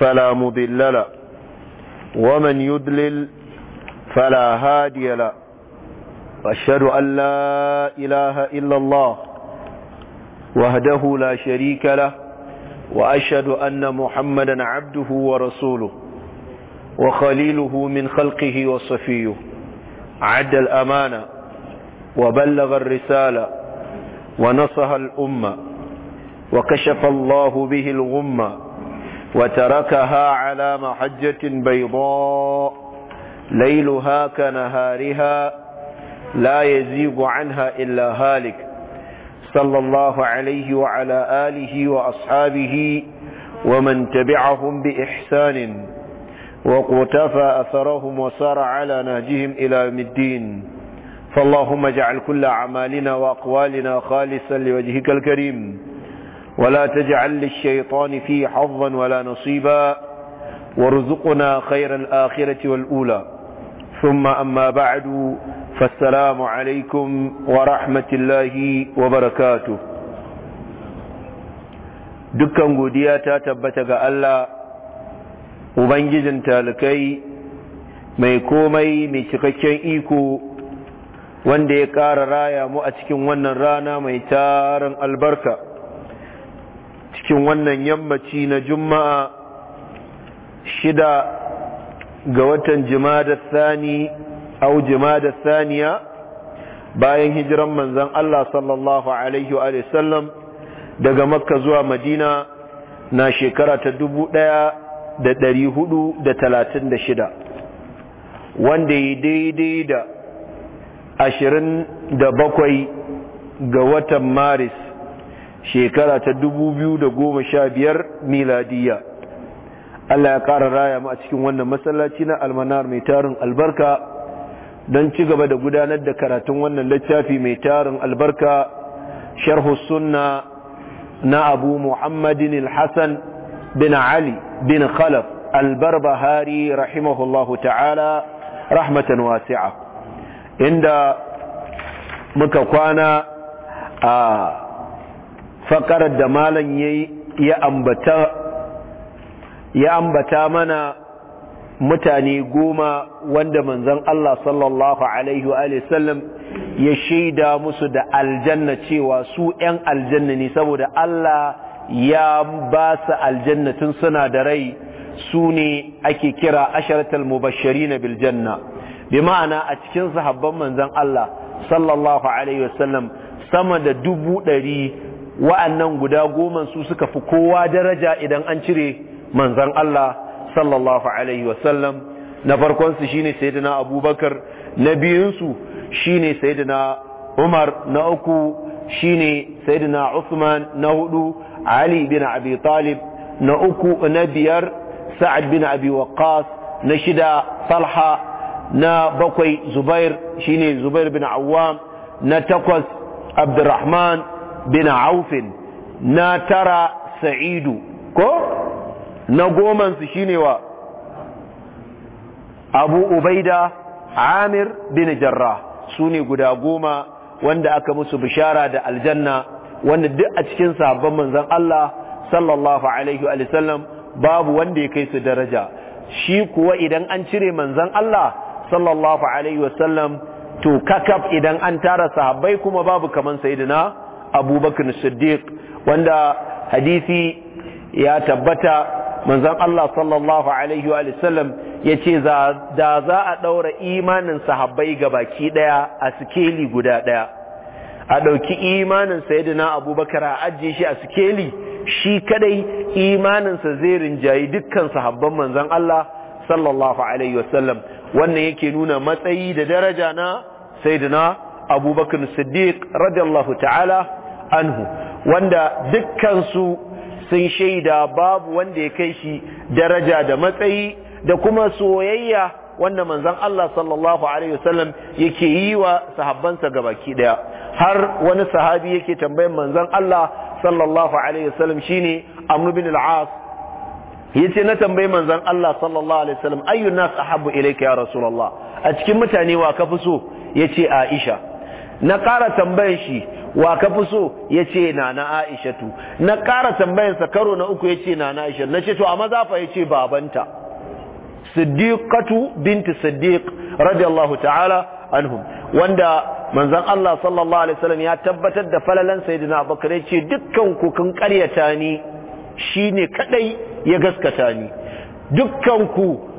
فلا مضل له ومن يدلل فلا هادي له واشهد أن لا إله إلا الله وهده لا شريك له وأشهد أن محمدا عبده ورسوله وخليله من خلقه وصفيه عد الأمانة وبلغ الرسالة ونصح الأمة وكشف الله به الغمة وتركها على محجة بيضاء ليلها كنهارها لا يزيغ عنها إلا هالك صلى الله عليه وعلى آله وأصحابه ومن تبعهم بإحسان وقتفى أثرهم وسار على نهجهم إلى يوم الدين فاللهم اجعل كل أعمالنا وأقوالنا خالصا لوجهك الكريم ولا تجعل للشيطان فيه حظا ولا نصيبا وارزقنا خير الآخرة والأولى ثم أما بعد فالسلام عليكم ورحمة الله وبركاته دكا قدياتا تبتك ألا وبنجز تالكي ميكومي komai إيكو cikakken رايا wanda ya ƙara raya mu cikin wannan yammaci na juma'a shida ga watan jima'a sani au jimada saniya bayan hijiran manzan Allah sallallahu alaihi wa sallam daga makka zuwa madina na shekara ta dubu ɗaya da ɗari hudu da talatin da shida wanda ya daidai da ashirin da bakwai ga watan maris shekara ta 2015 miladiya Allah ya ƙara raya mu a cikin wannan masallaci na almanar mai tarin albarka don ci gaba da gudanar da karatun wannan littafi mai tarin albarka sharhu sunna na abu muhammadin hassan bin ali bin khalaf albarbahari rahimahullahu ta'ala rahmatan wasi'a inda muka kwana a fakarar da malam ya ambata ya ambata mana mutane goma wanda manzan Allah sallallahu alaihi wa sallam ya shaida musu da aljanna cewa su 'yan aljanna ne saboda Allah ya ba su aljannatin suna da rai su ne ake kira asharatul mubashiri na biljanna bi ma'ana a cikin sahabban manzon Allah sallallahu alaihi wasallam sama da dubu ɗari wa'annan guda goma su suka fi kowa daraja idan an cire manzan Allah sallallahu alaihi wasallam na farkonsu ne sayyidina abubakar na biyunsu ne sayyidina umar na uku ne sayyidina usman na hudu ali bin abi talib na uku na biyar sa'ad bin abi waqas na shida Salha na bakwai zubair shine zubair bin Awwa na takwas abdurrahman bin aufin na tara sa'idu ko na gomansu shine wa abu ubaida amir bin jarra su guda goma wanda aka musu bishara da aljanna wanda duk a cikin sabon manzan Allah sallallahu alaihi wa sallam babu wanda ya kai su daraja shi kuwa idan an cire manzan Allah sallallahu alaihi wa sallam to kakaf idan an tara sahabbai kuma babu kaman sayyidina abubakar siddiq wanda hadisi ya tabbata manzan Allah sallallahu alaihi ya ce da za a ɗaura imanin sahabbai ga baki ɗaya a sikeli guda ɗaya a ɗauki imanin sayidina abubakar a ajiye shi a sikeli shi kadai imaninsa zai rinjayi dukkan sahabban manzon Allah sallallahu alaihi wasallam wannan yake nuna matsayi da daraja na sayidina abubakar siddiq radiyallahu ta'ala anhu wanda dukkansu sun shaida babu wanda ya kai shi daraja da matsayi da kuma soyayya wanda manzan Allah sallallahu alaihi wasallam yake yi wa sahabbansa gabaki daya har wani sahabi yake tambayan manzan Allah sallallahu alaihi wasallam shine Amr bin al-As yace na tambayi manzan Allah sallallahu alaihi wasallam ayyu a ahabbu ilayka ya rasulallah a cikin mutane wa ka fi so yace Aisha na ƙara tambayan shi wa ka fi so ya ce na na aishatu na ƙara sa karo na uku ya ce na na aishatu na ce to a maza fa ya ce babanta siddiqatu binti siddiq radiyallahu ta'ala anhum wanda manzan Allah sallallahu alaihi wasallam ya tabbatar da falalan sayyidina Abubakar ya ce dukkan ku kun ƙaryata ni shine kadai ya gaskata ni dukkan ku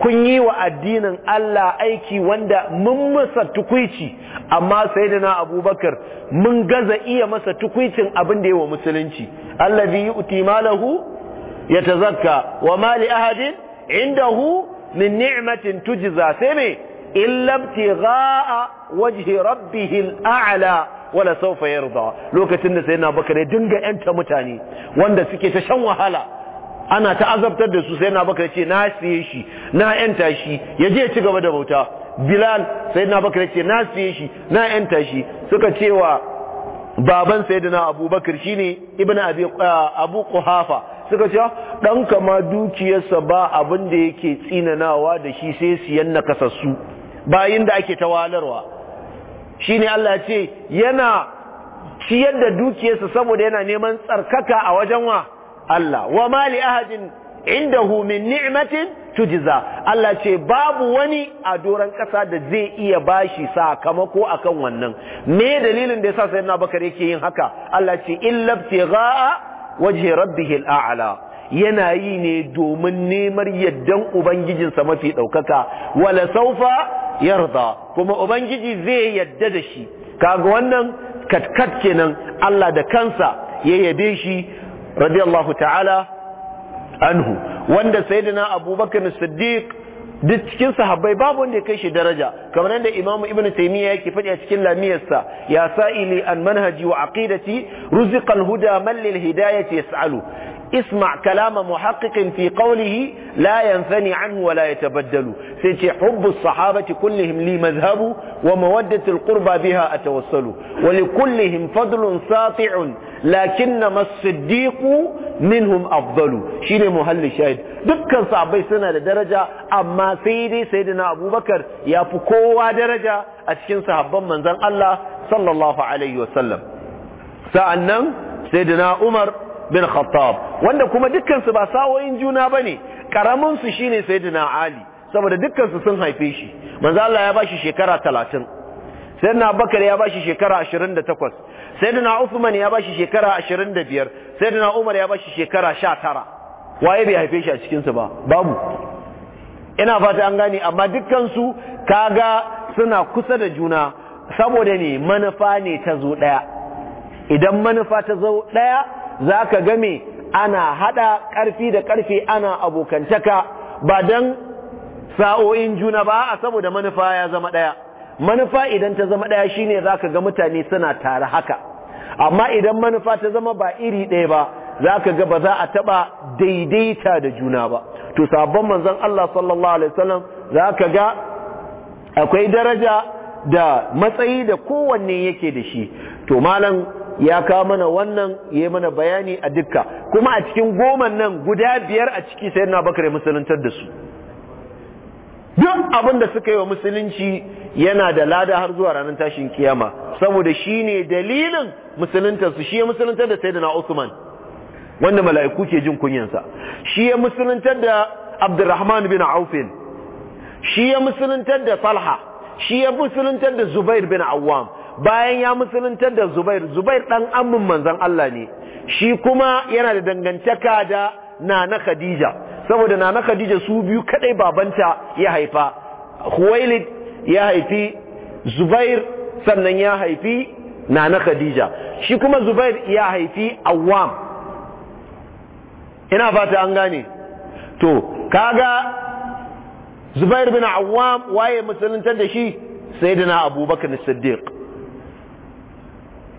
kun yi wa addinin Allah aiki wanda mun masa tukwici amma sai da na abubakar mun gaza iya masa tukwicin abin da yi wa musulunci yi uti malahu yatazakka wa mali ahadin inda hu min ni'matin tujiza sai me illa a wajhi rabbihi a'la wala sawfa yarda lokacin da sayyidina abubakar ya dinga yanta mutane wanda suke ta shan wahala ana ta azabtar da su sai na bakar ce na siye shi na yanta shi ya je ci gaba da bauta bilal sai na bakar ce na siye shi na yanta shi suka cewa baban sayyidina abubakar shine ibn eh, abu kuhafa suka ce dan ah, kama dukiyarsa ba abin da yake tsinanawa da shi sai siyan nakasassu bayan da ake tawalarwa Shi ne Allah ce yana ciyar da dukiyarsa saboda yana neman tsarkaka a wajen wa Allah wa ma li ahadin indahu min ni'matin tujza Allah ce babu wani a doran kasa da zai iya bashi sakamako akan wannan me dalilin da yasa sayyidina Bakar yake yin haka Allah ce illa waje wajhi rabbih al'ala yana yi ne domin neman yaddan ubangijinsa mafi daukaka wala saufa yarda kuma ubangiji zai yadda da shi kaga wannan katkat kenan Allah da kansa ya yabe shi radiyallahu ta'ala anhu wanda sayyidina abubakar siddiq duk cikin sahabbai babu wanda ya kai shi daraja kamar yadda imamu ibn taymiya yake faɗi a cikin lamiyarsa ya sa'ili an manhaji wa aqidati ruziqal huda man lil hidayati yas'alu اسمع كلام محقق في قوله لا ينفني عنه ولا يتبدل سيتي حب الصحابة كلهم لي مذهب ومودة القربى بها أتوصل ولكلهم فضل ساطع لكنما الصديق منهم أفضل شيني مهل الشاهد دكا صعبي سنة لدرجة أما سيدي سيدنا أبو بكر يفكوا درجة أتشين صحبا من زن الله صلى الله عليه وسلم سأنم سيدنا عمر bin Khattab wanda kuma dukkansu ba sawoyin juna bane karamin su shine Sayyidina Ali saboda dukkansu sun haife shi manzo Allah ya bashi shekara 30 Sayyidina Abubakar ya bashi shekara 28 Sayyidina usman ya bashi shekara da 25 Sayyidina Umar ya bashi shekara tara. waye bai haife shi a cikin su ba babu ina fata an gane amma dukkansu kaga suna kusa da juna saboda ne manufa ne ta zo daya idan manufa ta zo daya za ka game ana haɗa ƙarfi da ƙarfi ana abokantaka ba don sa'o'in juna ba a saboda manufa ya zama ɗaya manufa idan ta zama ɗaya shine za ka ga mutane suna tare haka amma idan manufa ta zama ba iri ɗaya ba za ka ga ba za a taɓa daidaita da juna ba to sabon manzon Allah sallallahu alaihi wasallam za ka ga akwai daraja da matsayi da kowanne yake da shi to malam ya kawo mana wannan ya yi mana bayani a dukka kuma a cikin goma nan guda biyar a ciki sai na bakar ya musuluntar da su duk abin da suka yi wa musulunci yana da lada har zuwa ranar tashin kiyama saboda shi ne dalilin musuluntar su shi ya musuluntar da sai da na usman wanda mala'iku ke jin kunyansa shi ya musuluntar da abdurrahman bin aufin shi ya musuluntar da falha shi ya musuluntar da zubair bin awwam bayan ya musuluntar da zubair zubair dan ammin manzon Allah ne shi kuma yana da dangantaka da nana khadija saboda nana khadija su biyu kadai babanta ya haifa huwailid ya haifi zubair sannan ya haifi nana khadija shi kuma zubair ya haifi Awam. ina fata an gane to kaga zubair bin awwam waye musuluntar da shi sayyidina abubakar siddiq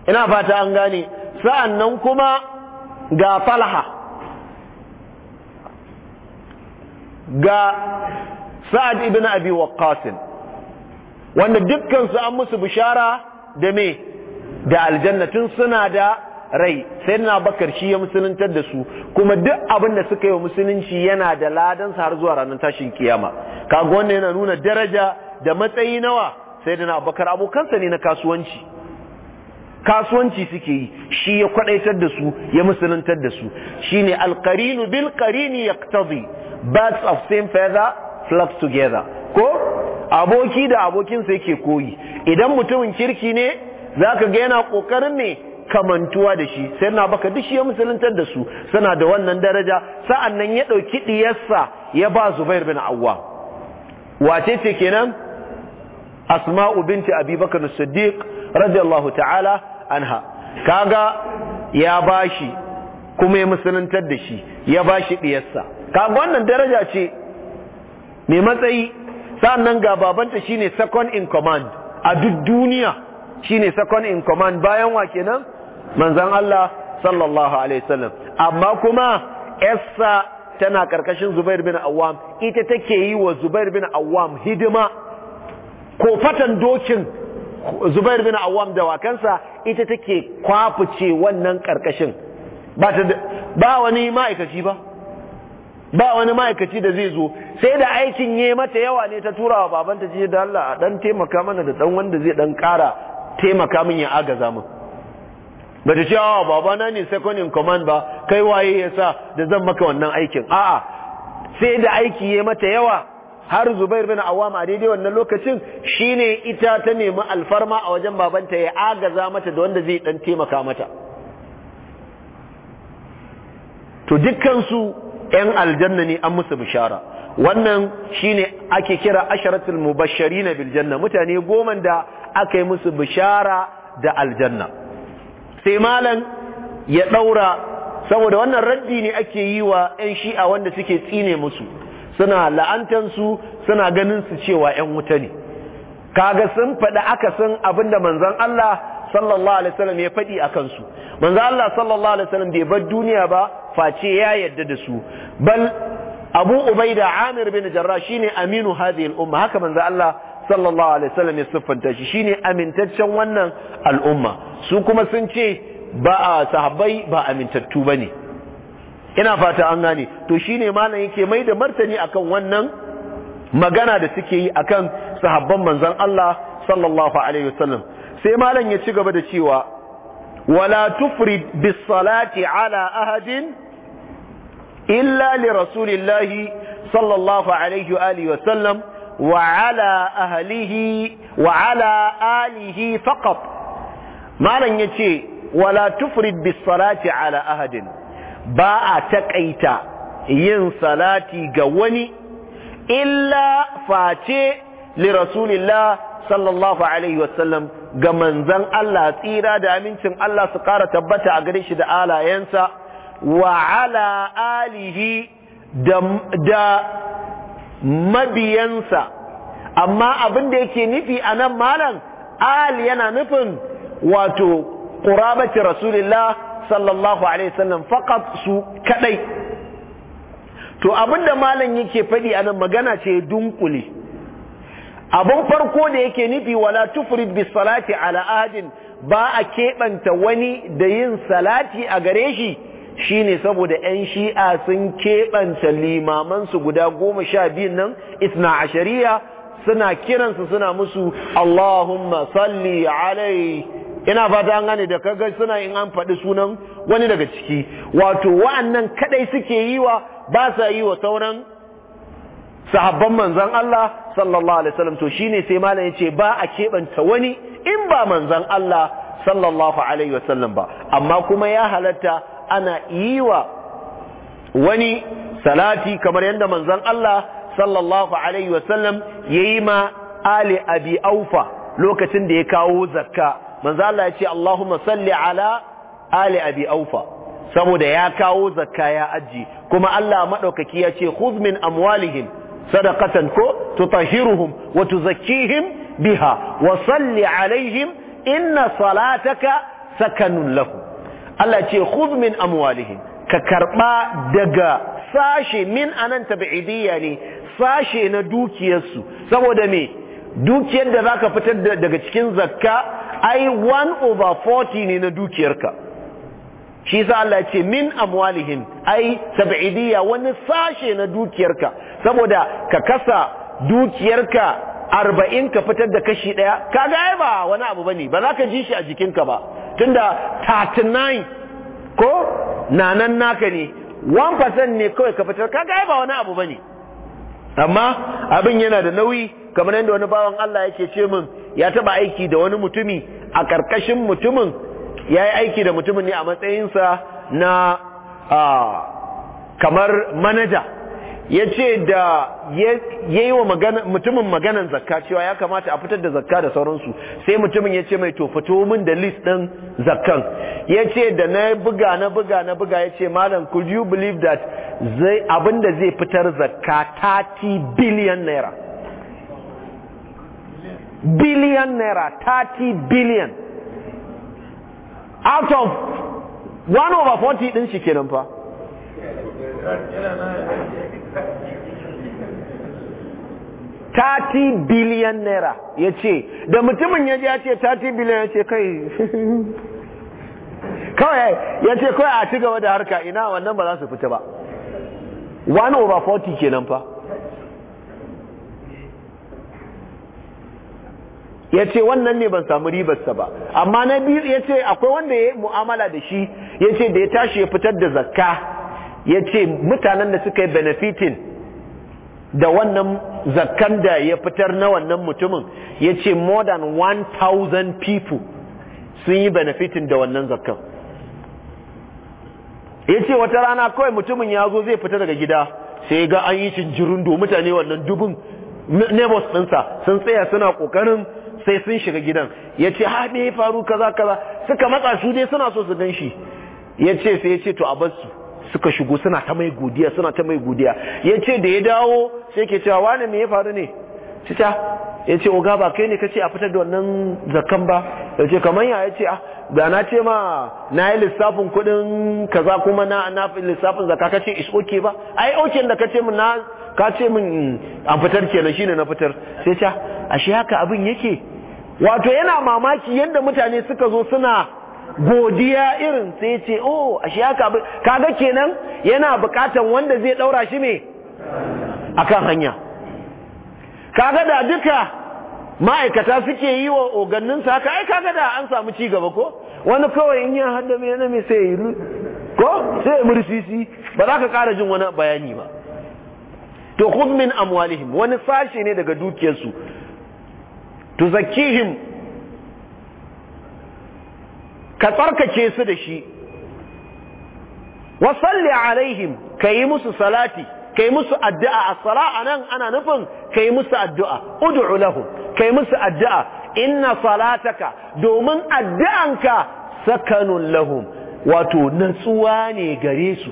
ina fata an gane sa'annan kuma ga falha ga sa'ad ibn abi waqqas wanda dukkan su an musu bishara da me da aljannatin suna da rai sai na bakar shi ya musuluntar da su kuma duk abin da suka yi wa musulunci yana da ladansa har zuwa ranar tashin kiyama kaga wannan yana nuna daraja da matsayi nawa sai da na bakar abokansa ne na kasuwanci kasuwanci suke yi shi ya kwadaitar da su ya musuluntar da su shine alkarinu bil qarini tazi birds of same feather flock together ko aboki da abokinsa yake koyi idan mutumin kirki ne zaka ga yana kokarin ne kamantuwa da shi sai na baka duk shi ya musuluntar da su suna da wannan daraja Sa'an nan ya ɗauki ɗiyarsa ya ba Zubair bin Awwa wace ce kenan Asma'u binti Abi Bakar siddiq radiyallahu ta'ala anha kaga ya bashi kuma ya musuluntar da shi ya bashi diyarsa kaga wannan daraja ce mai matsayi sannan ga babanta shine second in command a duk duniya shine second in command bayan wa kenan manzon Allah sallallahu alaihi wasallam amma kuma essa tana karkashin Zubair bin Awwam ita take yi wa Zubair bin Awwam hidima ko fatan dokin zubair bin awam da wakansa ita take kwafuce wannan karkashin ba ta wani ma'aikaci ba ba wani ma'aikaci da zai zo sai da aikin yi mata yawa ne ta tura wa babanta ce da Allah a dan taimaka mana da dan wanda zai dan kara taimaka min ya agaza mu ba ta ce a babana ne second in command ba kai waye yasa da zan maka wannan aikin a'a sai da aiki yi mata yawa har Zubair bin Awam a daidai wannan lokacin shine ita ta nemi alfarma a wajen babanta ya agaza mata da wanda zai dan taimaka mata to dukkansu su ƴan aljanna ne an musu bishara wannan shine ake kira asharatul mubashirin bil janna mutane goma da aka yi musu bishara da aljanna sai malam ya daura saboda wannan raddi ne ake yi wa ƴan shi'a wanda suke tsine musu suna la'antansu suna ganin su cewa 'yan wuta ne kaga sun faɗi akasin abinda manzan Allah sallallahu alaihi wasallam ya faɗi a kansu Manzan Allah sallallahu alaihi wasallam bai bar duniya ba face ya yarda da su bal Abu Ubaida Amir bin Jarrah shine aminu hadhihi al-umma haka manzan Allah sallallahu alaihi wasallam ya siffanta shi shine amintaccen wannan al'umma su kuma sun ce ba sahabbai ba amintattu bane ina fata an gane to shine malam yake mai da martani akan wannan magana da suke yi akan sahabban manzon Allah sallallahu alaihi wasallam sai malam ya ci gaba da cewa wala tufrid bis salati ala ahadin illa li rasulillahi sallallahu alaihi wa alihi wasallam wa ala ahlihi wa ala alihi faqat malam yace wala tufrid bis salati ala ahadin ba a taƙaita yin salati ga wani illa face li rasulillah sallallahu alaihi wasallam ga manzan Allah tsira da amincin Allah su ƙara tabbata a gare shi da alayensa wa ala alihi da mabiyansa amma abin da yake nufi a nan malam ali yana nufin wato ƙurabacin rasulillah sallallahu alaihi wasallam faqat su kadai to abinda malam yake fadi anan magana ce dunkule abun farko da yake nufi wala tufrid bis salati ala ahadin ba a keɓanta wani da yin salati a gare shi shine saboda 'yan shi'a sun keɓanta su guda goma sha biyun nan isna ashariya suna kiransu suna musu Allahumma salli alaihi. ina fata an gane da kaga suna in an faɗi sunan wani daga ciki wato wa'annan kadai suke yi wa ba sa yi wa sauran sahabban manzan Allah sallallahu alaihi wasallam to shine sai malam yace ba a kebanta wani in ba manzan Allah sallallahu alaihi wasallam ba amma kuma ya halatta ana yi wa wani salati kamar yadda manzan Allah sallallahu alaihi wasallam yayi ma ali abi aufa lokacin da ya kawo zakka manzo Allah ya ce Allahumma salli ala ali abi aufa saboda ya kawo zakka ya aji kuma Allah madaukaki ya ce khudh min amwalihim sadaqatan ko tutahhiruhum wa tuzakkihim biha wa salli alaihim inna salataka sakanun lahu Allah ce khudh min amwalihim ka karba daga sashe min anan tabi'idiyya ne sashe na dukiyarsu saboda me dukiyar da zaka fitar daga cikin zakka ai 1 over 40 ne na dukiyarka shi sa Allah ce min amwalihin ai sab'idiyya wani sashe na dukiyarka saboda ka kasa dukiyarka arba'in ka fitar da kashi daya kaga ai ba wani abu bane ba za ka ji shi a jikinka ba tunda 39 ko nanan naka ne 1% ne kawai ka fitar kaga ai ba wani abu bane amma abin yana da nauyi kamar yadda wani bawan Allah yake ce min ya taba aiki da wani mutumi a karkashin mutumin ya yi aiki da mutumin ne a matsayinsa na kamar manaja ya ce da ya yi wa mutumin maganan zakka cewa ya kamata a fitar da zakka da sauransu sai mutumin ya ce mai to fito min da list ɗin zakkan ya ce da na buga na buga na buga ya ce malam could you believe that abinda zai fitar zakka 30 billion naira billion naira, 30 billion. Out of 1 over 40 din shi kenan fa. Tati biliyan naira ya ce, da mutumin ya ya ce tati biliyan ya ce kai kawai ya ce kawai a ci gaba da harka ina wannan ba za su fita ba 1 over 40 kenan fa ya ce wannan ne ban samu ribarsa ba amma na biyu ya ce akwai wanda ya mu'amala da shi ya ce da ya tashi ya fitar da zakka ya ce mutanen da suka yi benefitin da wannan zakkan da ya fitar na wannan mutumin ya ce more than 1000 people sun yi benefitin da wannan zakkan ya ce wata rana kawai mutumin ya zo zai fita daga gida sai ga an yi cincirin do mutane wannan dubin neighbors ɗinsa sun tsaya suna ƙoƙarin sai sun shiga gidan ya ce ha me ya faru kaza kaza suka matsa su dai suna so su ganshi shi ya ce sai ya ce to a bar su suka shigo suna ta mai godiya suna ta mai godiya ya ce da ya dawo sai ke cewa wane me ya faru ne cita ah. ya ce oga ba kai ne kace a fitar da wannan zakan ba ya ce kamar ya ce ah ga na ce ma na yi lissafin kuɗin kaza kuma na na lissafin zaka kace is okay ba ai okay da kace min na ka ce min an fitar kenan shine na fitar sai ta ah, ashe haka abin yake wato yana mamaki yadda mutane suka zo suna godiya irin sai ce oh ashe haka kaga kenan yana bukatan wanda zai daura shi me akan hanya kaga da duka ma'aikata suke yi wa ogannin sa haka ai kaga da an samu ci gaba ko wani kawai in ya hada me yana me sai yi ko sai mursisi ba za ka kara jin wani bayani ba to khudh min amwalihim wani sashi ne daga dukiyarsu tuzakkihim ka tsarkake su da shi wasalli alaihim ka yi musu salati ka yi musu addu'a a anan nan ana nufin ka yi musu addu'a udu'u lahum ka yi musu addu'a Ina salataka domin addu'anka sakanun lahum wato natsuwa ne gare su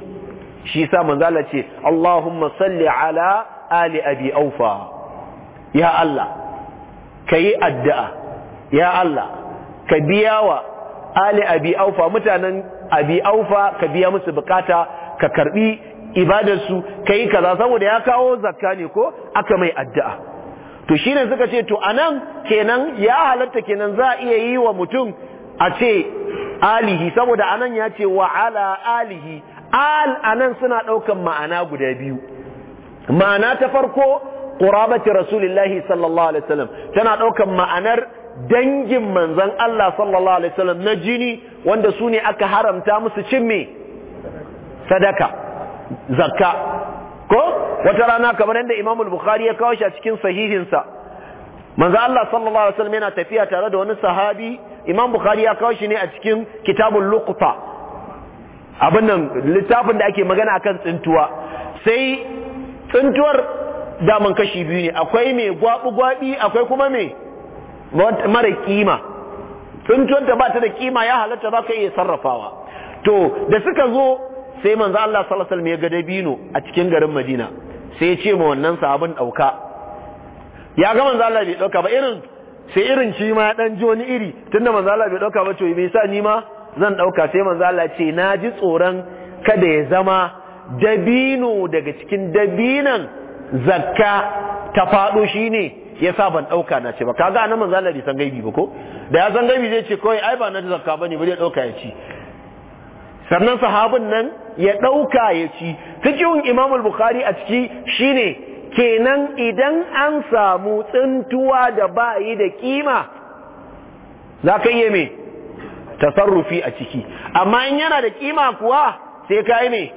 shi sa manzala ce Allahumma salli ala ali abi aufa ya Allah ka yi addu'a ya Allah ka biya wa ali abi aufa mutanen abi aufa ka biya musu bukata ka karbi ibadarsu ka yi kaza saboda ya kawo zakka ne ko aka mai addu'a to shi ne suka ce to anan kenan ya halatta kenan za a iya yi wa mutum a ce alihi saboda anan ya ce wa ala alihi al anan suna ɗaukan ma'ana guda biyu ma'ana ta farko qurabati rasulillahi sallallahu alaihi wasallam tana daukan ma'anar dangin manzon Allah sallallahu alaihi wasallam na jini wanda su ne aka haramta musu cin me sadaka zakka ko wata rana kamar yadda Imam al-Bukhari ya kawo shi a cikin sahihinsa manzo Allah sallallahu alaihi wasallam yana tafiya tare da wani sahabi Imam Bukhari ya kawo shi ne a cikin Kitabul Luqta abin nan littafin da ake magana akan tsintuwa sai tsintuwar daman kashi biyu ne akwai mai gwabi-gwabi akwai kuma mai mara kima da ba ta da kima ya halatta za ka iya sarrafawa to da suka zo sai manzo Allah sallallahu alaihi wasallam ya ga dabino a cikin garin Madina sai ya ce ma wannan sabon dauka ya ga manzo Allah bai dauka ba irin sai irin shi ma dan ji wani iri tunda manzo Allah bai dauka ba to me yasa ni ma zan dauka sai manzo Allah ce na ji tsoron kada ya zama dabino daga cikin dabinan zakka ta faɗo shi ne ya sa ban ɗauka na ce ba ga anan manzo Allah san gaibi ba ko da ya san gaibi zai ce kawai ai ba na da zakka ba ne bari ya ɗauka ya ci sannan sahabin nan ya ɗauka ya ci cikin Imam al-Bukhari a ciki shi ne kenan idan an samu tsintuwa da yi da kima za ka iya me tasarrufi a ciki amma in yana da kima kuwa sai ka yi me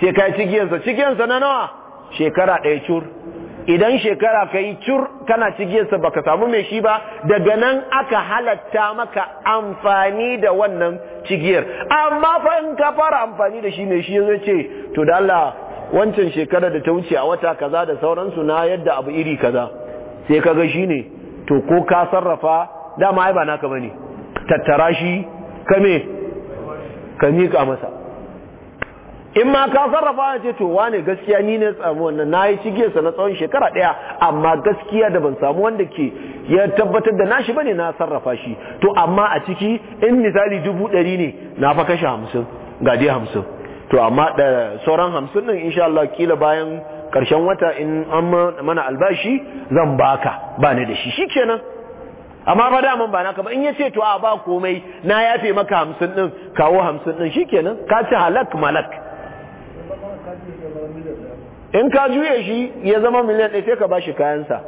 sai ka yi cikiyansa cikiyansa na nawa shekara ɗaya cur idan shekara ka yi cur kana cigiyarsa ka samu mai shi ba daga nan aka halatta maka amfani da wannan cigiyar amma fa in ka fara amfani da shi mai shi zai ce to da Allah wancan shekara da ta wuce a wata kaza da sauransu na yadda abu iri kaza sai ka ga shi ne to ko ka sarrafa dama ai ba naka bane tattara shi kame ka mika masa in ma ka sarrafa ya ce to wane gaskiya ni ne samu wannan na yi cigiyarsa na tsawon shekara ɗaya amma gaskiya da ban samu wanda ke ya tabbatar da na nashi bane na sarrafa shi to amma a ciki in misali dubu ɗari ne na fa kashe hamsin ga hamsin to amma da sauran hamsin nan insha Allah kila bayan karshen wata in an mana albashi zan baka ba ni da shi shikenan amma ba da ba naka ba in ya ce to a ba komai na yafe maka hamsin din kawo hamsin din shikenan ka ci halak malak in ka juye shi ya zama miliyan ɗaya sai ka bashi kayansa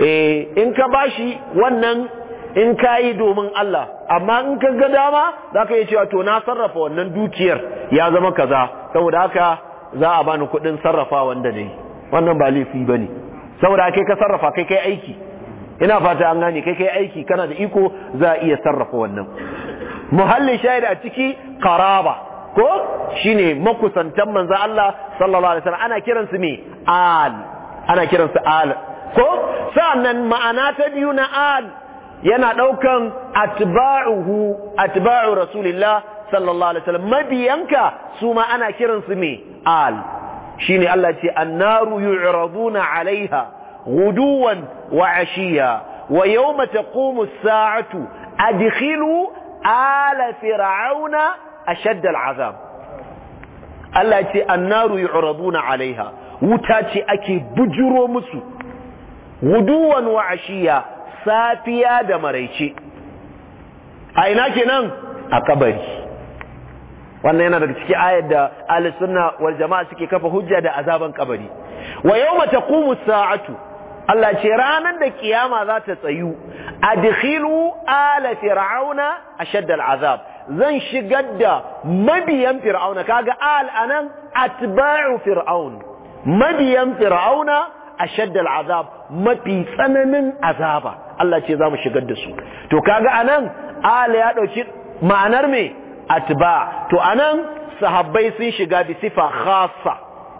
eh in ka bashi wannan in ka yi domin Allah amma in ka ga dama za ka iya cewa to na sarrafa wannan dukiyar ya zama kaza saboda haka za a bani kuɗin sarrafa wanda ne wannan ba laifi ba ne saboda kai ka sarrafa kai kai aiki ina fata an gane kai kai aiki kana da iko za a iya sarrafa wannan muhallin shahid a ciki karaba ko shine makusantan manzo Allah sallallahu alaihi wasallam ana kiransu me al ana kiransu al ko sannan ma'ana ta biyu na al yana ɗaukan atba'uhu atba'u rasulillah sallallahu alaihi wasallam mabiyanka su ma ana kiransu me al shine Allah ce annaru yu'raduna alaiha guduwan wa ashiya wa yawma taqumu as-sa'atu adkhilu ala fir'auna ashadd al'azab Allah ce annaru yu'raduna 'alaiha wuta ce ake bujuro musu wuduwan wa safiya da maraice a ina kenan a kabari wannan yana daga cikin ayar da ahlus sunna suke kafa hujja da azaban kabari wa yawma taqumu sa'atu Allah ce ranar da kiyama za ta tsayu A adkhilu ala fir'auna ashadd azab. zan shigar da mabiyan fir'auna kaga al anan atba'u fir'aun mabiyan fir'auna ashadd azab. mafi tsananin azaba Allah ce zamu shigar da su to kaga anan al ya dauki ma'anar me atba to anan sahabbai sun shiga bi sifa khassa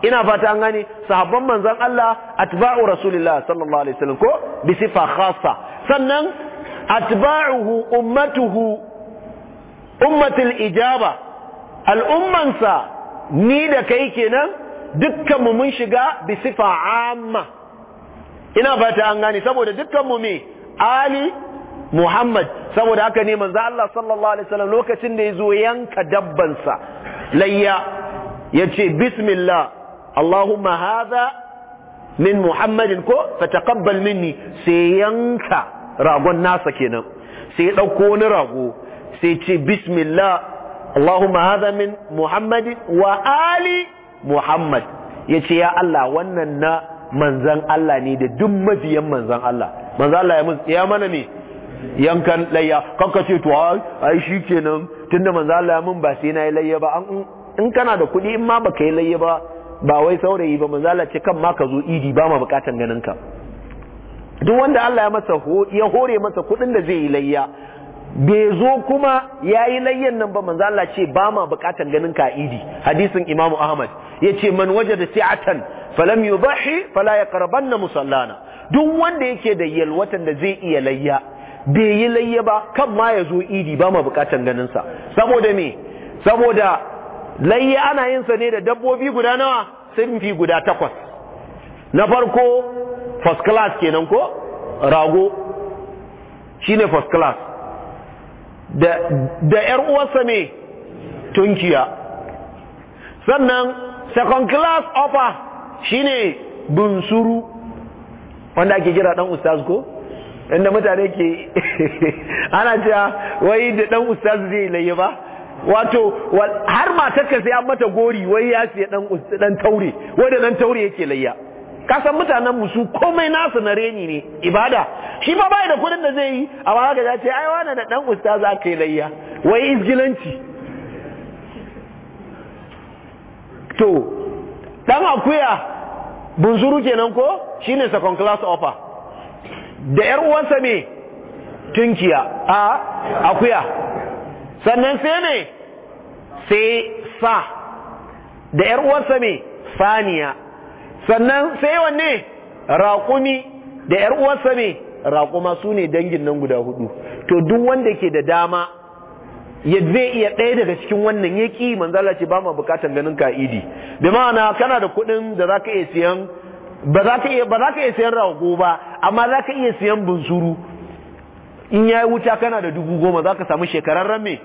ina fata an gane sahabban manzon Allah atba'u rasulillah sallallahu alaihi wasallam ko bi sifa khassa sannan atba'uhu ummatuhu ummatul ijaba al'ummansa ni da kai kenan dukkanmu mun shiga bi sifa amma ina fata an gani saboda dukkanmu me ali muhammad saboda haka ne manzo Allah sallallahu alaihi wasallam lokacin da yazo yanka dabbansa layya yace bismillah allahumma hadha min muhammadin ko fataqabbal minni sai yanka ragon nasa kenan sai ya dauko wani rago sai ce bismillah Allahumma hadha min Muhammadin wa ali Muhammad yace ya Allah wannan na manzan Allah ne da duk mabiyan manzan Allah manzan Allah ya mana ne yankan layya kanka ce to ai shi kenan. tunda manzan Allah ya mun ba sai na yi layya ba in kana da kuɗi in ma baka yi layya ba ba wai saurayi ba Manzan Allah ce kan ma ka zo idi ba ma bukatan ganin ka duk wanda Allah ya masa ya hore masa kuɗin da zai yi layya bai zo kuma ya yi layyan nan ba manzo Allah ce ba ma bukatan ganin ka idi hadisin imamu Ahmad ce man waje wajada si'atan falam yubahi fala ya na musallana duk wanda yake da yalwatan da zai iya layya bai yi layya ba kan ma ya zo idi ba ma bukatan ganin sa saboda me saboda layya ana yin sa ne da dabbobi guda nawa fi guda takwas na farko first class kenan ko rago shine first class da ‘yar uwarsa ne tunkiya sannan second class offer shine bunsuru wanda ake kira dan ustaz ko inda mutane ke ana cewa wai da dan ustaz zai laye ba wato har matarka sai an mata gori wai ya siya dan taure wai dan taure yake layya ka san mutanen musu komai nasu na reni ne ibada shi fa bai da kudin da zai yi a ba ga ce ai wani da dan usta za ka yi layya wai izgilanci to dan akuya bunzuru kenan ko shine second class offer da yar uwansa me tunkiya a akuya sannan sai ne sai sa da yar uwansa me saniya sannan sai wanne raƙumi da ‘yar uwarsa ne raƙuma su ne dangin nan guda hudu to duk wanda ke da dama ya zai iya ɗaya daga cikin wannan ya ƙi manzala ce ba ma buƙatar ganin ka'idi da ma'ana kana da kuɗin da za ka iya siyan ba rago ba amma za ka iya siyan bunsuru in ya yi wuta kana da dubu goma za ka samu shekararren me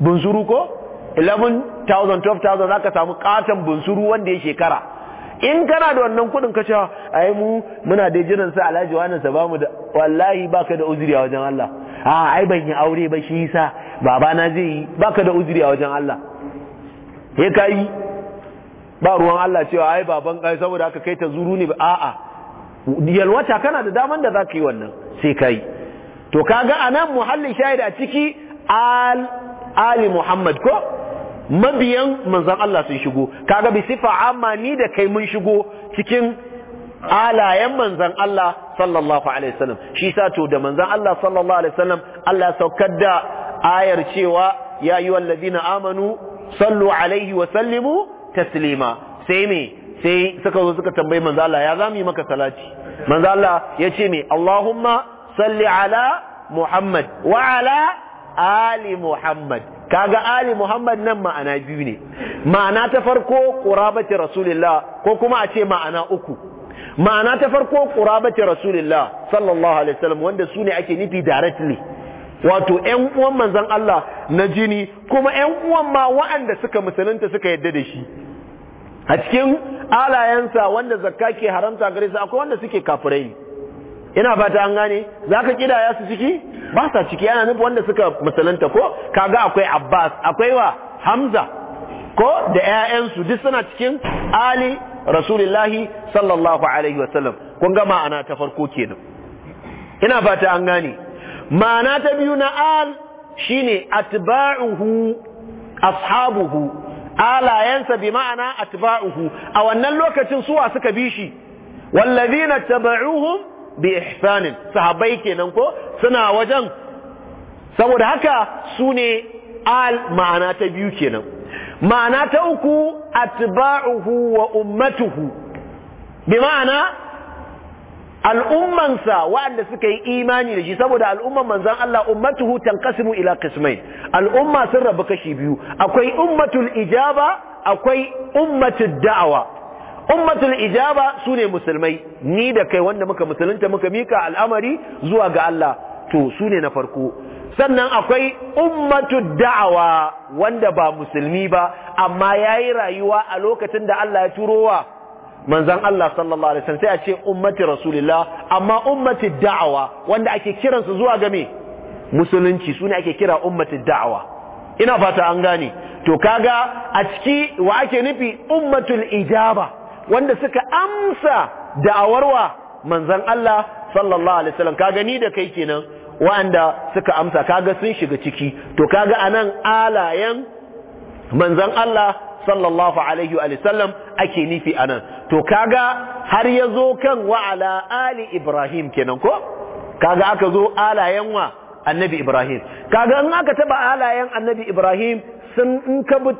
bunsuru ko 11,000 12,000 za ka samu katon bunsuru wanda ya shekara in kana da wannan kudin ka cewa ai mu muna da jiran sa alhaji wani sa bamu da wallahi baka da uzuri a wajen Allah a ai ban yi aure ba shi yasa baba na zai yi baka da uzuri a wajen Allah he kai ba ruwan Allah cewa ai baban kai saboda haka kai ta zuru ne a a yalwata kana da daman da zaka yi wannan sai kai to kaga anan muhallin shahid a ciki al ali muhammad ko mabiyan manzan Allah sun shigo kaga bi sifa amma ni da kai mun shigo cikin alayen manzan Allah sallallahu alaihi wasallam shi sa to da manzan Allah sallallahu alaihi wasallam Allah saukar da ayar cewa ya ayyuhal ladina amanu sallu alaihi wa sallimu taslima sai me sai suka zo suka tambayi manzan Allah ya zamu maka salati manzan Allah ya ce me Allahumma salli ala Muhammad wa ala ali Muhammad kaga ali muhammad nan ma'ana biyu ne ma'ana ta farko qurabati rasulillah ko kuma a ce ma'ana uku ma'ana ta farko qurabati rasulillah sallallahu alaihi wasallam wanda su ne ake nufi directly wato ƴan uwan manzon Allah na jini kuma ƴan uwan ma waɗanda suka musulunta suka yadda da shi a cikin alayensa wanda zakka ke haramta gare su akwai wanda suke kafirai ina fata an gane zaka kidaya su ciki ba sa ciki ana nufin wanda suka musulunta ko kaga akwai Abbas akwai wa Hamza ko da ƴaƴansu duk suna cikin Ali Rasulullahi sallallahu alaihi wasallam kun ga ma'ana ta farko kenan ina fata an gane ma'ana ta biyu na al shine atba'uhu ashabuhu alayansa bi ma'ana atba'uhu a wannan lokacin suwa suka bi shi wallazina tabauhum bi ihsanin sahabbai kenan ko suna wajen saboda haka su ne al ma'ana ta biyu kenan ma'ana ta uku atba'uhu wa ummatuhu bi ma'ana al'ummansa waɗanda suka yi imani da shi saboda al'umman manzan Allah ummatuhu kasimu ila qismain al'umma sun rabu kashi biyu akwai ummatul ijaba akwai ummatu da'awa ummatul ijaba sune musulmai ni da kai wanda muka musulunta muka mika al'amari zuwa ga Allah to sune na farko sannan akwai ummatud da'awa wanda ba musulmi ba amma yayi rayuwa a lokacin da Allah ya turo wa manzon Allah sallallahu alaihi wasallam sai a ce ummati rasulillah amma ummatud da'awa wanda ake kiransu zuwa ga me musulunci sune ake kira ummatud da'awa ina fata an gane to kaga a ciki wa ake nufi ummatul ijaba wanda suka amsa da'awarwa manzan Allah sallallahu alaihi wasallam kaga ni da kai kenan wanda suka amsa kaga sun shiga ciki to kaga anan alayen manzan Allah sallallahu alaihi wa ake nufi anan to kaga har ya zo kan wa'ala ali ibrahim kenan ko kaga aka zo alayen wa annabi ibrahim kaga in aka taba alayen annabi ibrahim sun in ka bi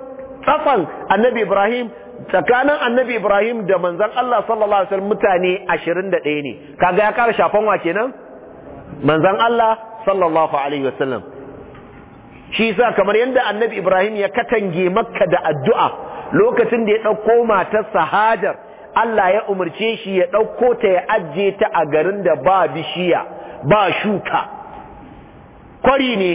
tsafan annabi ibrahim tsakanin annabi ibrahim da manzan Allah sallallahu alaihi wasallam mutane ashirin da ɗaya ne kaga ya kara shafan wa kenan manzan Allah sallallahu alaihi wasallam shi yasa kamar yadda annabi ibrahim ya katange makka da addu'a lokacin da ya ɗauko matarsa hajar Allah ya umarce shi ya ɗauko ta ya ajiye ta a garin da ba bishiya ba shuka kwari ne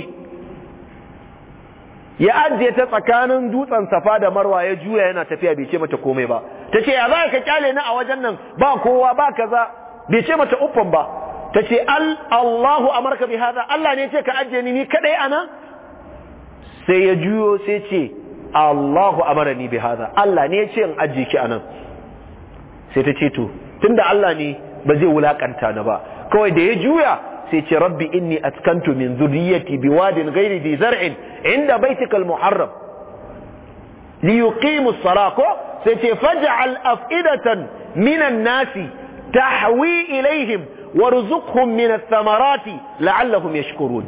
ya ajiye ta tsakanin dutsen safa da marwa ya juya yana tafiya bai ce mata komai ba ta ce ya za ka kyale ni a wajen nan ba kowa ba kaza bai ce mata uffan ba ta ce Allahu amarka bi hada Allah ne ce ka ajiye ni ni kadai ana sai ya juyo sai ce Allahu ni bi hada Allah ne ce in ajiye ki anan sai ta ce to tunda Allah ne ba zai wulakanta ni ba kawai da ya juya sai ce rabbi inni askantu min zurriyyati biwadin ghairi bi zar'in inda baitikal muharram li yuqimu ko sai ce faj'al af'idatan minan nasi tahwi ilaihim warzuqhum min ath-thamarati la'allahum yashkurun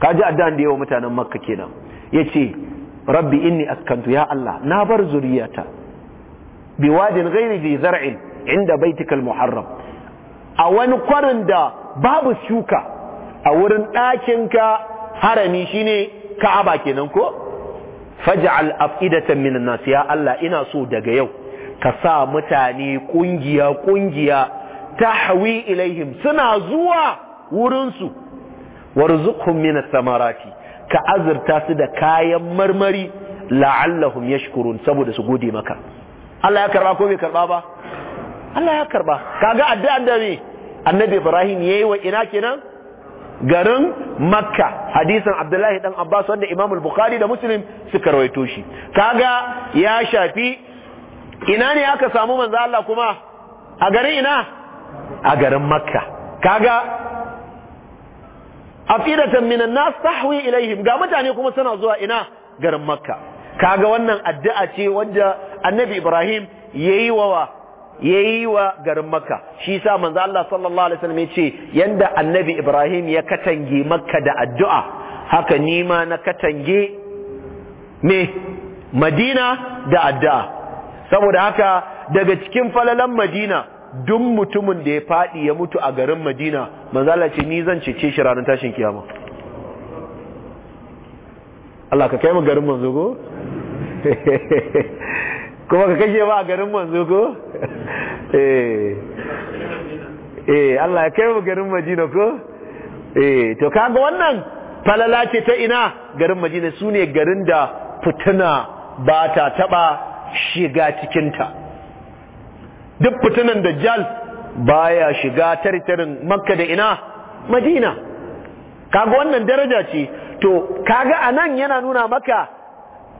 kaji addan da yawa mutanen makka kenan yace rabbi inni askantu ya allah na bar zuriyata biwadin ghairi zi zar'in inda baitikal muharram a wani kwarin da babu shuka a wurin ɗakinka harami shine ka'aba kenan ko faj'al af'idatan minan nas ya Allah ina so daga yau ka sa mutane kungiya kungiya tahwi ilaihim suna zuwa wurin su warzuqhum minas samarati ka azurta su da kayan marmari la'allahum yashkurun saboda su gode maka Allah ya karba ko bai karba ba Allah ya karba kaga addu'ar da me annabi Ibrahim yayi wa ina kenan garin makka hadisin abdullahi dan abbas wanda imam bukhari da muslim suka rawaito shi kaga ya shafi ina ne aka samu manzo Allah kuma a garin ina a garin makka kaga afidatan minan nas tahwi ilaihim ga mutane kuma suna zuwa ina garin makka kaga wannan addu'a ce wanda annabi ibrahim yayi wa yayi wa garin makka shi sa manzo Allah sallallahu alaihi wasallam yace yanda annabi Ibrahim ya katange makka da addu'a haka ma na katange me Madina da addu'a saboda haka daga cikin falalan Madina duk mutumin da ya fadi ya mutu a garin Madina manzo Allah ce ni zan cece shi ranar tashin kiyama Allah ka kai mu garin manzo go kuma ka kashe ba a garin manzo ko Eh. eh Allah ya kai mu garin Madina ko eh to kaga wannan falala ce ta ina garin Madina sune garin da fituna ba ta taba shiga cikin ta duk fitunan dajjal baya shiga tartarin Makka da ina Madina kaga wannan daraja ce to kaga anan yana nuna maka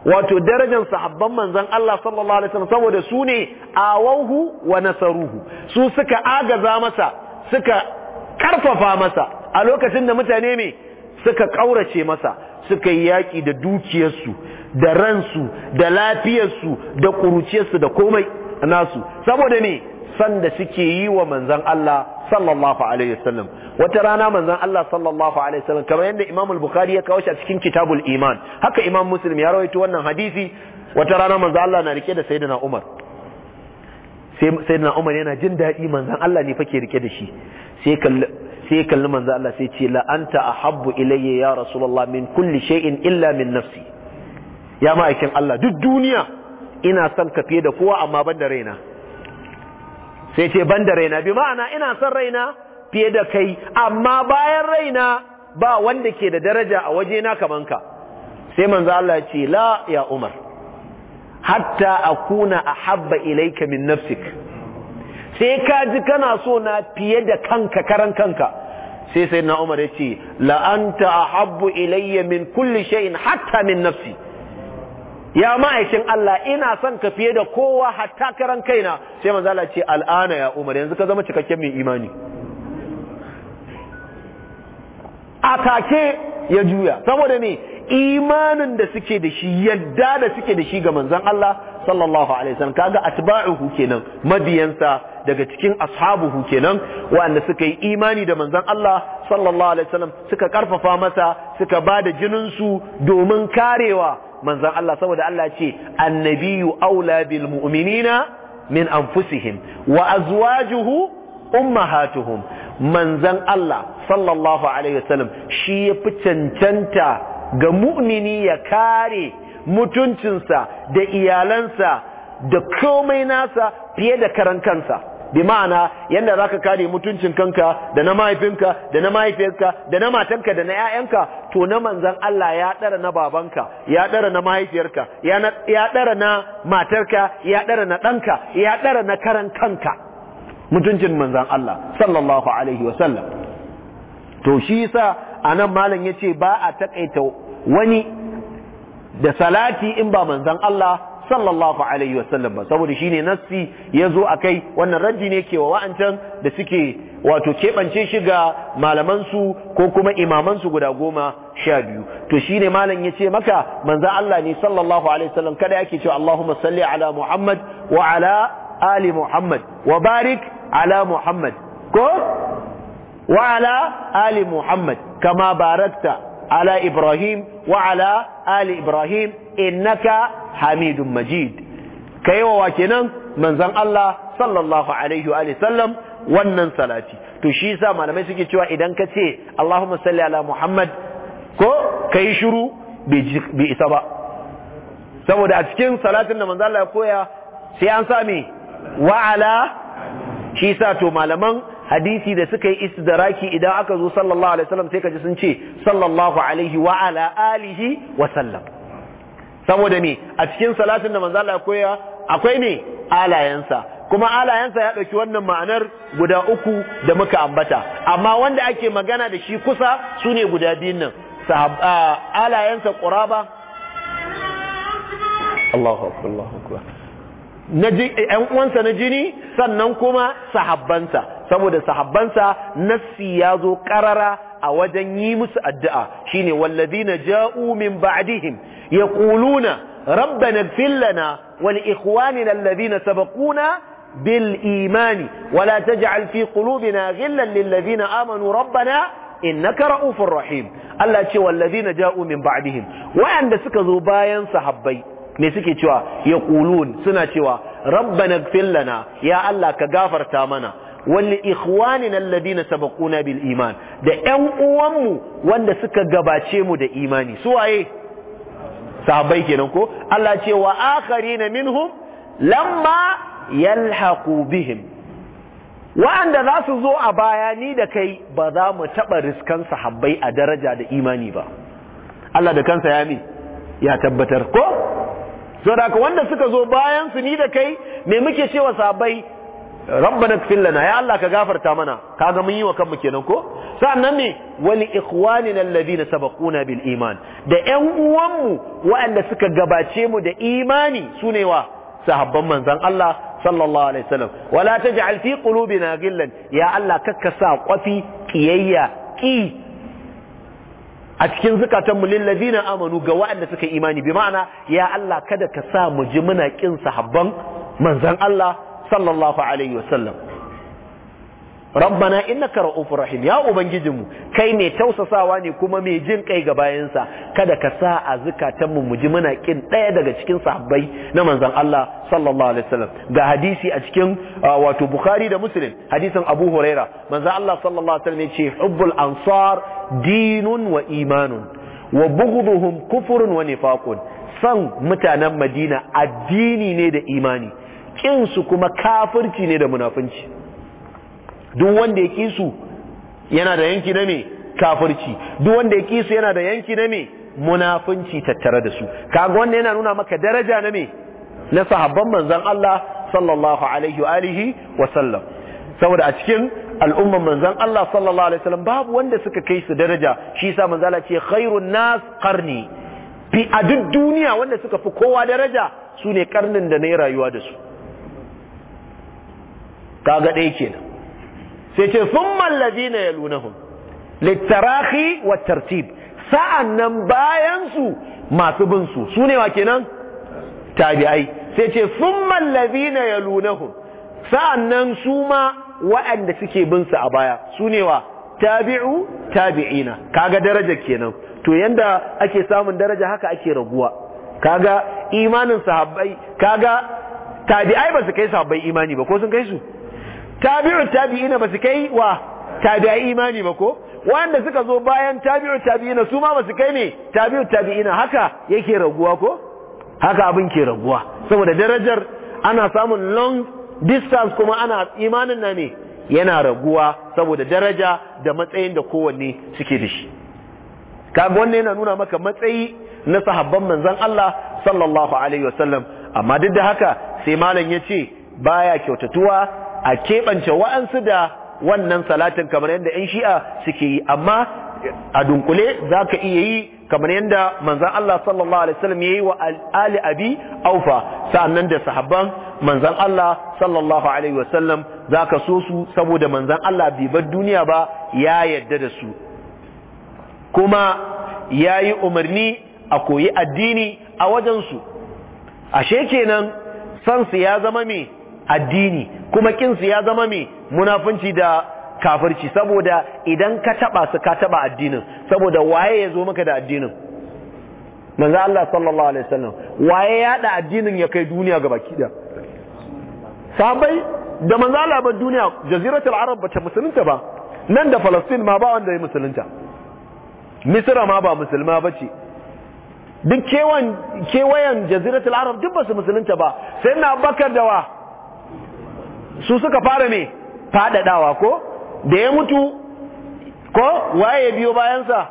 wato darajar sahabban manzon Allah sallallahu alaihi wasallam saboda su ne awahu wa nasaruhu su suka agaza masa suka karfafa masa a lokacin da mutane ne suka kaurace masa suka yi yaki da dukiyarsu da ransu da lafiyarsu da kuruciyarsu da komai nasu saboda ne sanda suke yi wa manzon Allah sallallahu alaihi wasallam wata rana manzon Allah sallallahu alaihi wasallam kamar yadda Imam al-Bukhari ya kawo shi a cikin Kitabul Iman haka Imam Muslim ya rawaito wannan hadisi wata rana manzon Allah na rike da Sayyidina Umar Sayyidina Umar yana jin daɗi manzon Allah ne fake rike da shi sai kalli sai kalli manzon Allah sai ce la anta ahabbu ilayya ya rasulullah min kulli shay'in illa min nafsi ya ma'aikin Allah duk duniya ina son ka fiye da kowa amma ban da raina sai ce ban da raina bi ma'ana ina son raina fiye da kai amma bayan raina ba wanda ke da daraja a wajena kaman ka sai manzo Allah ce la ya Umar hatta akuna ahabba ilayka min nafsik sai ka ji kana so na fiye da kanka karan kanka sai sayyidina Umar ya ce la anta ahabbu ilayya min kulli shay'in hatta min nafsi ya ma'aikin Allah ina son ka fiye da kowa hatta karan kaina sai manzo Allah ce al'ana ya Umar yanzu ka zama cikakken mai imani atake ya juya saboda me imanin da suke da shi yadda da suke da shi ga manzon Allah sallallahu alaihi wasallam kaga atba'uhu kenan mabiyansa daga cikin ashabuhu kenan wanda suka yi imani da manzon Allah sallallahu alaihi wasallam suka karfafa masa suka bada jinin su domin karewa manzan Allah saboda Allah ce annabiyu aula bil mu'minina min anfusihim wa azwajuhu ummahatuhum manzan Allah sallallahu alaihi wasallam shi ya fi cancanta ga mu'mini ya kare mutuncinsa da iyalansa da komai nasa fiye da karan kansa bi ma'ana yanda zaka kare mutuncin kanka da na mahaifinka da na mahaifiyarka da na matanka da na ƴaƴanka to na manzon Allah ya dara na babanka ya dara na mahaifiyarka ya ya dara na matarka ya dara na danka ya dara na karan kanka mutuncin manzon Allah sallallahu alaihi wasallam to shi yasa anan malam yace ba a takaita wani da salati in ba manzon Allah sallallahu alaihi wasallam ba saboda shine nassi yazo akai wannan raddi ne ke wa wa'ancan da suke wato kebance shi ga malaman su ko kuma imaman su guda goma sha biyu to shine malam yace maka manzo Allah ne sallallahu alaihi wasallam kada yake cewa Allahumma salli ala Muhammad wa ala ali Muhammad wa barik ala Muhammad ko wa ala ali Muhammad kama barakta على ibrahim وعلى آل إبراهيم إنك حميد مجيد كيوا واكنان منزان الله صلى الله عليه وآله وسلم wannan salati to shi malamai suke cewa idan ka ce Allahumma salli ala Muhammad ko kai shiru bai isa ba saboda a cikin salatin da manzo Allah koya sai an sami wa ala to malaman hadisi da suka yi istidraki idan aka zo sallallahu alaihi wasallam sai kaji sun ce sallallahu alaihi wa ala alihi wa sallam saboda me a cikin salatin da manzo Allah koya akwai ne alayansa kuma alayansa ya dauki wannan ma'anar guda uku da muka ambata amma wanda ake magana da shi kusa sune guda biyun nan alayansa quraba Allahu akbar Allahu akbar na uwansa na jini sannan kuma sahabbansa saboda sahabbansa nassi ya zo karara a wajen yi musu addu'a shine walladina ja'u min ba'dihim yaquluna rabbana ighfir lana wa li ikhwanina alladhina sabaquna bil imani wa la taj'al fi qulubina ghillan lil ladina amanu rabbana innaka ra'ufur rahim Allah ce walladina ja'u min ba'dihim wa'anda suka zo bayan sahabbai me suke cewa yaqulun suna cewa rabbana ighfir lana ya Allah ka gafarta mana wal ikhwanina alladhina sabaquna bil iman da ƴan uwanmu wanda suka gabace mu da imani su waye sahabbai kenan ko Allah ce wa akharina minhum lamma yalhaqu bihim wa'anda za su zo a baya ni da kai ba za mu taɓa riskan sahabbai a daraja da imani ba Allah da kansa ya mi ya tabbatar ko so da wanda suka zo bayan su ni da kai me muke cewa sabai? rabbana ighfir lana ya Allah ka gafarta mana kaga mun yi wa kanmu kenan ko sannan ne wali ikhwanina alladhina sabaquna bil iman da ƴan uwanmu waɗanda suka gabace mu da imani sune wa sahabban manzon Allah sallallahu alaihi wasallam wala taj'al fi qulubina ghillan ya Allah kakka sa kwafi kiyayya ki a cikin zukatan mu lillazina amanu ga waɗanda suka imani bi ma'ana ya Allah kada ka sa mu ji muna kin sahabban manzon Allah sallallahu alaihi wasallam rabbana innaka ra'ufur rahim ya ubangijinmu kai mai tausasawa ne kuma mai jin kai ga bayansa kada ka sa a zikatanmu mu ji muna kin daya daga cikin sahabbai na manzon Allah sallallahu alaihi wasallam ga hadisi a cikin wato Bukhari da Muslim hadisin Abu Huraira manzon Allah sallallahu alaihi wasallam ya ce hubbul ansar dinun wa imanun wa bughdhuhum kufrun wa nifaqun san mutanen Madina addini ne da imani kinsu kuma kafirci ne da munafunci duk wanda ya kisu yana da yanki na me kafirci duk wanda ya kisu yana da yanki na me munafunci tattare da su kaga wanda yana nuna maka daraja na me na sahabban manzon Allah sallallahu alaihi wa alihi wa sallam saboda a cikin al'umman manzon Allah sallallahu alaihi wa sallam babu wanda suka kai su daraja shi yasa manzon Allah ce khairun nas qarni fi a duk duniya wanda suka fi kowa daraja su ne karnin da na yi rayuwa da su kaga ɗaya kenan sai ce sun mallazi na yalunahum littarahi wa tartib sa'an nan bayansu masu binsu su ne wa kenan tabi'ai sai ce sun mallazi na yalunahum sa'an nan su ma waɗanda suke binsu a baya su ne wa tabi'u tabi'ina kaga daraja kenan to yanda ake samun daraja haka ake raguwa kaga imanin sahabbai kaga tabi'ai ba su kai sahabbai imani ba ko sun kai su tabi'u tabi'ina ba su kai wa tabi'i imani ba ko wanda suka zo bayan tabi'u tabi'ina su ma ba su kai ne tabi'u tabi'ina haka yake raguwa ko haka abin ke raguwa saboda darajar ana samun long distance kuma ana imanin na ne yana raguwa saboda daraja da matsayin da kowanne suke da shi kaga wannan yana nuna maka matsayi na sahabban manzon Allah sallallahu alaihi wasallam amma duk da haka sai malam yace baya kyautatuwa a keɓance wa'ansu da wannan salatin kamar yadda 'yan shi'a suke yi amma a dunkule za ka iya yi kamar yadda manzan Allah sallallahu Alaihi wasallam ya yi wa Ali Abi Aufa sa'annan da sahabban manzan Allah sallallahu Alaihi wasallam za ka so su saboda manzan Allah bai bar duniya ba ya yadda da su kuma ya yi umarni a koyi addini a wajensu ashe kenan sansu ya zama mai addini kuma kinsu ya zama mai munafunci da kafirci saboda idan ka taba su ka taba addinin saboda waye ya zo maka da addinin manzo Allah sallallahu alaihi wasallam waye ya da addinin ya kai duniya ga baki da sabai da manzo Allah ba duniya jaziratul arab ba ta musulunta ba nan da Palestine ma ba wanda ya musulunta Misra ma ba musulma bace duk kewayen jaziratul arab duk ba su musulunta ba sai na bakar da wa su suka fara me faɗaɗawa ko da ya mutu ko waye biyo bayansa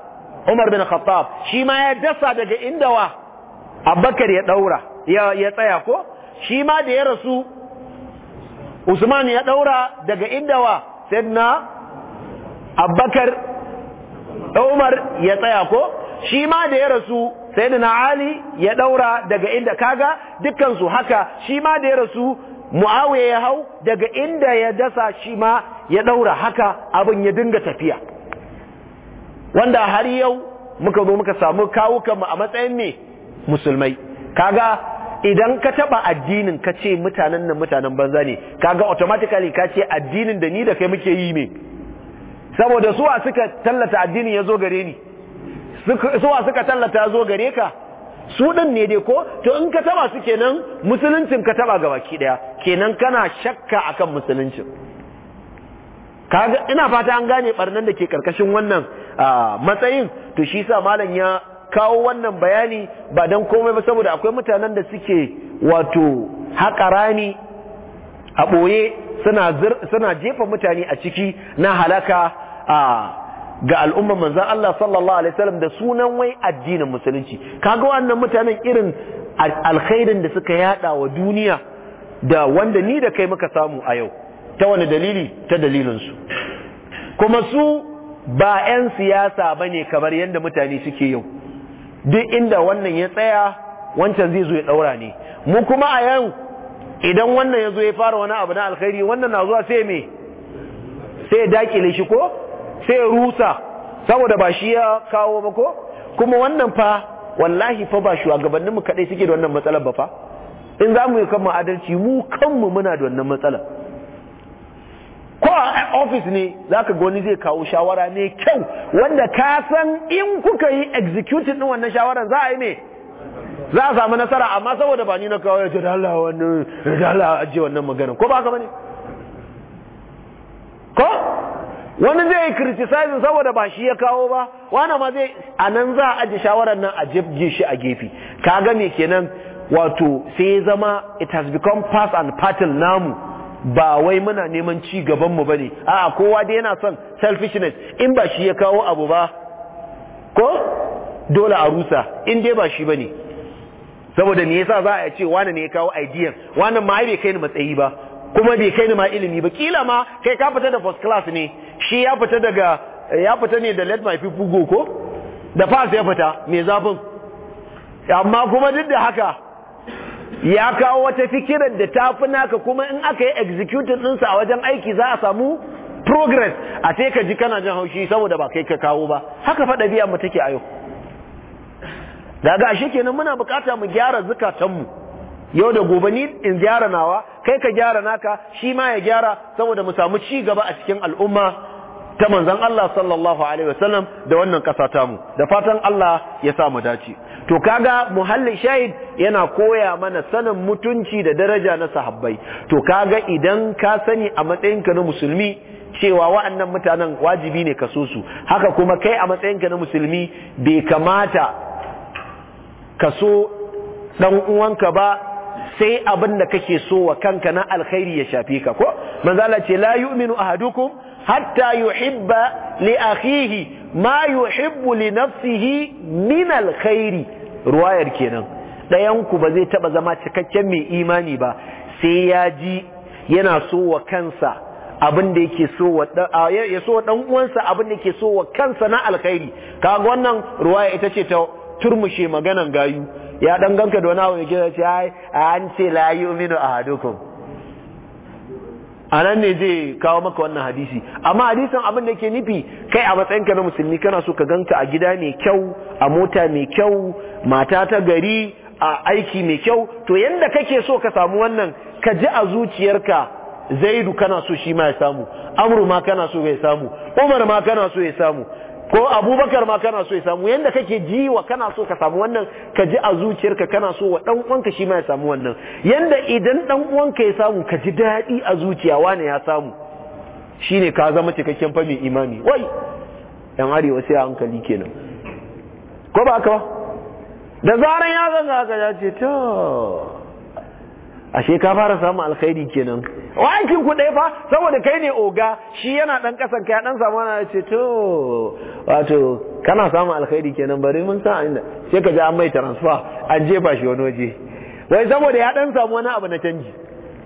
Umar bin Khattab shi ma ya dasa daga inda wa ya daura ya tsaya ko shi ma da ya rasu Usman ya daura daga inda wa Sayyidina da Umar ya tsaya ko shi ma da ya rasu Sayyidina Ali ya daura daga inda kaga dukkan su haka shi ma da ya rasu muawiya ya hau daga inda ya dasa shi ma ya ɗaura haka abin ya dinga tafiya wanda har yau muka zo muka samu kawukanmu a matsayin ne musulmai kaga idan ka taba addinin ka ce mutanen nan mutanen banza ne kaga automatically ka ce addinin da ni da kai muke yi ne saboda suwa suka tallata addinin ya zo gare ni suwa suka tallata zo gare ka su ɗin ne dai ko to in ka taba su kenan musuluncin ka taba ga baki ɗaya kenan kana shakka akan musuluncin kaga ina fata an gane barnan da ke karkashin wannan matsayin to shi sa malam ya kawo wannan bayani ba dan komai ba saboda akwai mutanen da suke wato haƙa rani a ɓoye suna jefa mutane a ciki na halaka a ga al'ummar manzan Allah sallallahu alaihi wasallam da sunan wai addinin musulunci kaga wannan mutanen irin alkhairin da suka yada wa duniya da wanda ni da kai muka samu a yau ta wani dalili ta dalilinsu. kuma su ba 'yan siyasa ba ne kamar yadda mutane suke yau duk inda wannan ya tsaya wancan zai zo ya daura ne mu kuma a yau idan wannan ya zo ya fara wani abu na alkhairi wannan na zuwa sai me sai ya dakile shi ko sai rusa saboda ba shi ya kawo ba kuma wannan fa wallahi fa ba shi shugabannin mu kadai suke da wannan matsalar ba fa in za mu yi kan adalci mu kanmu muna da wannan matsalar ko a office ne zaka ga wani zai kawo shawara ne kyau wanda ka san in kuka yi executing din wannan shawaran za a yi ne za a samu nasara amma saboda ba ni na kawo ya ce dala wannan dala ajiye wannan magana ko ba ka bane ko wani zai yi criticizing saboda ba shi ya kawo ba wani ma zai a nan za a aji shawarar nan a jibge shi a gefe Ka ga me kenan wato sai ya zama it has become pass and pattern namu ba wai muna neman ci gabanmu ba ne a kowa da yana son selfishness in ba shi ya kawo abu ba ko dole a rusa in dai ba shi ba saboda me yasa za a ce wani ne ya kawo idea. wani ma bai kai ni matsayi ba kuma bai kai ni ma ilimi ba kila ma kai ka fita da first class ne shi ya fita daga ya fita ne da let my people go ko da pass ya fita mai zafin amma kuma duk da haka ya kawo wata fikirar da ta fi naka kuma in aka yi executing ɗinsa a wajen aiki za a samu progress a sai ka ji kana jin haushi saboda ba kai ka kawo ba haka faɗa biya mu take a yau daga shi kenan muna bukata mu gyara zukatanmu yau da gobe ni in gyara nawa kai ka gyara naka shi ma ya gyara saboda mu samu ci gaba a cikin al'umma ta manzon Allah sallallahu alaihi wasallam da wannan kasa tamu da fatan Allah ya sa mu dace to kaga muhalli shahid yana koya mana sanin mutunci da daraja na sahabbai to kaga idan ka sani a matsayinka na musulmi cewa wa'annan mutanen wajibi ne ka su haka kuma kai a matsayinka na musulmi bai kamata ka so dan uwanka ba sai abin da kake so wa kanka na alkhairi ya shafe ka ko manzala ce la yu'minu ahadukum hatta yuhibba li akhihi ma yuhibbu li nafsihi min alkhairi ruwayar kenan ɗayan ku ba zai taba zama cikakken mai imani ba sai ya ji yana so wa kansa abin da yake so wa ya so dan uwansa abin da yake so wa kansa na alkhairi kaga wannan ruwaya ita ce ta turmushe maganan gayu ya dan ganka da wani abu ya ce ai an ce la yu'minu ahadukum a nan ne zai kawo maka wannan hadisi amma hadisin abin da ke nufi kai a matsayinka na musulmi kana so ka ganka a gida mai kyau a mota mai kyau mata ta gari a aiki mai kyau to yanda kake so ka samu wannan ka ji a zuciyarka zaidu kana so shi ma ya samu amru ma kana so ya samu umar ma kana so ya samu ko abubakar ma kana so ya samu yadda kake ji wa kana so ka samu wannan ka ji a zuciyarka kana so wa dan uwanka shi ma ya samu wannan yadda idan dan uwanka ya samu ka ji daɗi a zuciya wane ya samu shine ka zama cikakken fa mai imani wai yan arewa sai hankali kenan ko ba ka ba da zaran ya zanga haka ya ce to ashe ka fara samun alkhairi kenan aikin ku ɗaya fa saboda kai ne oga shi yana ɗan ƙasan kai ɗan samu ana ce to wato kana samun alkhairi kenan bari mun sa inda sai ka ji an mai transfer an jefa shi wani waje wai saboda ya ɗan samu wani abu na canji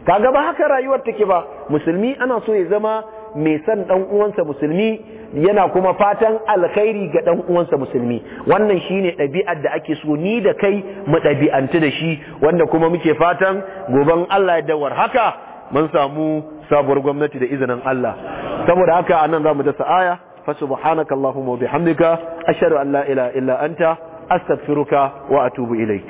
kaga ba haka rayuwar take ba musulmi ana so ya zama mai san ɗan uwansa musulmi yana kuma fatan alkhairi ga dan uwansa musulmi wannan shine ɗabi'ar da ake so ni da kai mu ɗabi'antu da shi wanda kuma muke fatan goban Allah ya dawar haka mun samu sabuwar gwamnati da izinin Allah saboda haka anan zamu dasa aya fa subhanakallahumma wa bihamdika ashhadu an la ilaha illa anta astaghfiruka wa atubu ilayk